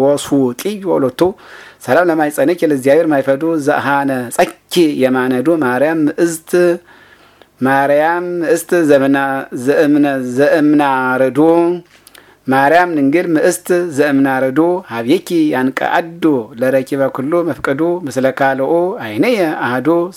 ወሱ ወሱቂይ ወሎቱ ሰላም ለማይጸንኪ ለእግዚአብሔር ማይፈዱ ዘሃነ ጸኪ የማነዱ ማርያም እስት ማርያም እስት ዘእምነ ዘእምና ረዱ ማርያም ንግል ምእስት ዘእምና ረዱ ሀብየኪ ያንቀ አዱ ለረኪበ ኩሉ መፍቀዱ ምስለ ካልኦ አይነየ አህዱ